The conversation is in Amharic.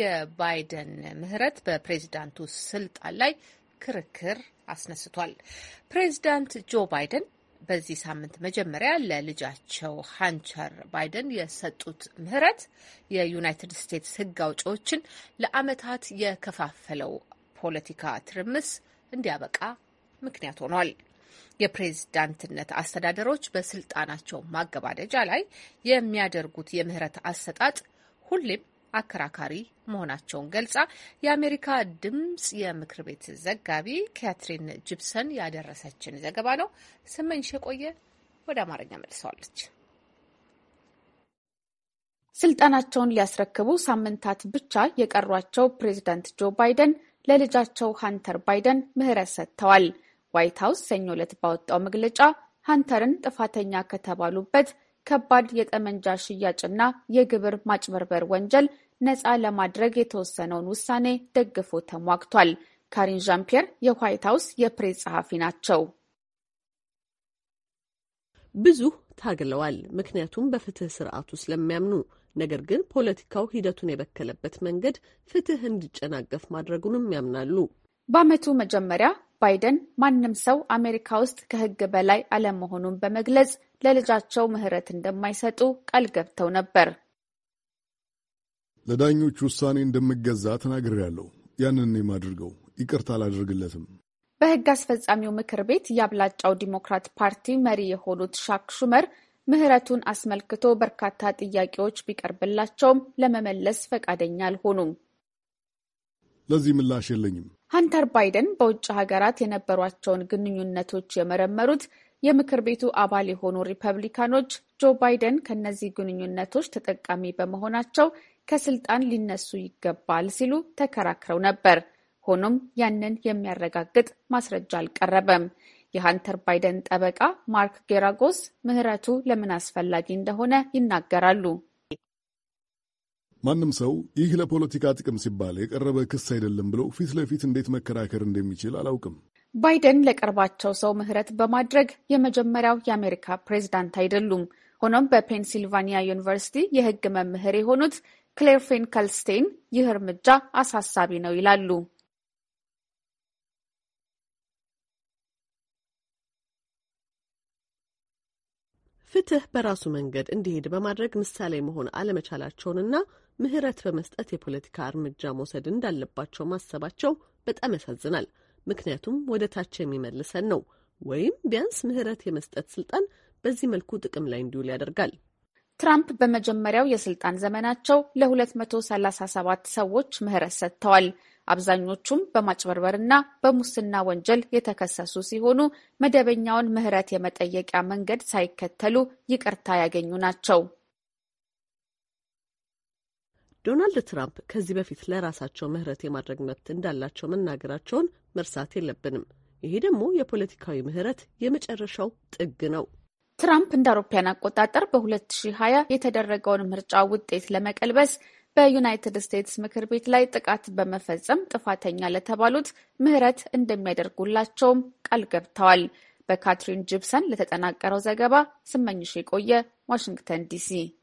የባይደን ምህረት በፕሬዚዳንቱ ስልጣን ላይ ክርክር አስነስቷል። ፕሬዚዳንት ጆ ባይደን በዚህ ሳምንት መጀመሪያ ለልጃቸው ሃንቸር ባይደን የሰጡት ምህረት የዩናይትድ ስቴትስ ሕግ አውጪዎችን ለአመታት የከፋፈለው ፖለቲካ ትርምስ እንዲያበቃ ምክንያት ሆኗል። የፕሬዝዳንትነት አስተዳደሮች በስልጣናቸው ማገባደጃ ላይ የሚያደርጉት የምህረት አሰጣጥ ሁሌም አከራካሪ መሆናቸውን ገልጻ የአሜሪካ ድምጽ የምክር ቤት ዘጋቢ ካትሪን ጂፕሰን ያደረሰችን ዘገባ ነው። ስመኝሽ የቆየ ወደ አማርኛ መልሰዋለች። ስልጣናቸውን ሊያስረክቡ ሳምንታት ብቻ የቀሯቸው ፕሬዚዳንት ጆ ባይደን ለልጃቸው ሀንተር ባይደን ምህረት ሰጥተዋል። ዋይት ሀውስ ሰኞ ዕለት ባወጣው መግለጫ ሃንተርን ጥፋተኛ ከተባሉበት ከባድ የጠመንጃ ሽያጭና የግብር ማጭበርበር ወንጀል ነፃ ለማድረግ የተወሰነውን ውሳኔ ደግፎ ተሟግቷል። ካሪን ዣን የዋይት ሀውስ የፕሬስ ጸሐፊ ናቸው። ብዙ ታግለዋል፣ ምክንያቱም በፍትህ ስርዓቱ ስለሚያምኑ። ነገር ግን ፖለቲካው ሂደቱን የበከለበት መንገድ ፍትህ እንዲጨናገፍ ማድረጉንም ያምናሉ። በዓመቱ መጀመሪያ ባይደን ማንም ሰው አሜሪካ ውስጥ ከህግ በላይ አለመሆኑን በመግለጽ ለልጃቸው ምህረት እንደማይሰጡ ቃል ገብተው ነበር። ለዳኞች ውሳኔ እንደምገዛ ተናግሬያለሁ። ያንን የማድርገው ይቅርታ አላደርግለትም። በህግ አስፈጻሚው ምክር ቤት የአብላጫው ዲሞክራት ፓርቲ መሪ የሆኑት ሻክ ሹመር ምህረቱን አስመልክቶ በርካታ ጥያቄዎች ቢቀርብላቸውም ለመመለስ ፈቃደኛ አልሆኑም። ለዚህ ምላሽ የለኝም ሀንተር ባይደን በውጭ ሀገራት የነበሯቸውን ግንኙነቶች የመረመሩት የምክር ቤቱ አባል የሆኑ ሪፐብሊካኖች ጆ ባይደን ከእነዚህ ግንኙነቶች ተጠቃሚ በመሆናቸው ከስልጣን ሊነሱ ይገባል ሲሉ ተከራክረው ነበር። ሆኖም ያንን የሚያረጋግጥ ማስረጃ አልቀረበም። የሀንተር ባይደን ጠበቃ ማርክ ጌራጎስ ምህረቱ ለምን አስፈላጊ እንደሆነ ይናገራሉ። ማንም ሰው ይህ ለፖለቲካ ጥቅም ሲባል የቀረበ ክስ አይደለም ብሎ ፊት ለፊት እንዴት መከራከር እንደሚችል አላውቅም። ባይደን ለቀርባቸው ሰው ምህረት በማድረግ የመጀመሪያው የአሜሪካ ፕሬዝዳንት አይደሉም። ሆኖም በፔንሲልቫኒያ ዩኒቨርሲቲ የህግ መምህር የሆኑት ክሌር ፌንከልስቴን ይህ እርምጃ አሳሳቢ ነው ይላሉ። ፍትህ በራሱ መንገድ እንዲሄድ በማድረግ ምሳሌ መሆን አለመቻላቸውንና ምህረት በመስጠት የፖለቲካ እርምጃ መውሰድ እንዳለባቸው ማሰባቸው በጣም ያሳዝናል። ምክንያቱም ወደ ታች የሚመልሰን ነው፣ ወይም ቢያንስ ምህረት የመስጠት ስልጣን በዚህ መልኩ ጥቅም ላይ እንዲውል ያደርጋል። ትራምፕ በመጀመሪያው የስልጣን ዘመናቸው ለ237 ሰዎች ምህረት ሰጥተዋል። አብዛኞቹም በማጭበርበርና በሙስና ወንጀል የተከሰሱ ሲሆኑ መደበኛውን ምህረት የመጠየቂያ መንገድ ሳይከተሉ ይቅርታ ያገኙ ናቸው። ዶናልድ ትራምፕ ከዚህ በፊት ለራሳቸው ምህረት የማድረግ መብት እንዳላቸው መናገራቸውን መርሳት የለብንም። ይሄ ደግሞ የፖለቲካዊ ምህረት የመጨረሻው ጥግ ነው። ትራምፕ እንደ አውሮፓያን አቆጣጠር በ2020 የተደረገውን ምርጫ ውጤት ለመቀልበስ በዩናይትድ ስቴትስ ምክር ቤት ላይ ጥቃት በመፈጸም ጥፋተኛ ለተባሉት ምህረት እንደሚያደርጉላቸውም ቃል ገብተዋል። በካትሪን ጂፕሰን ለተጠናቀረው ዘገባ ስመኝሽ የቆየ ዋሽንግተን ዲሲ።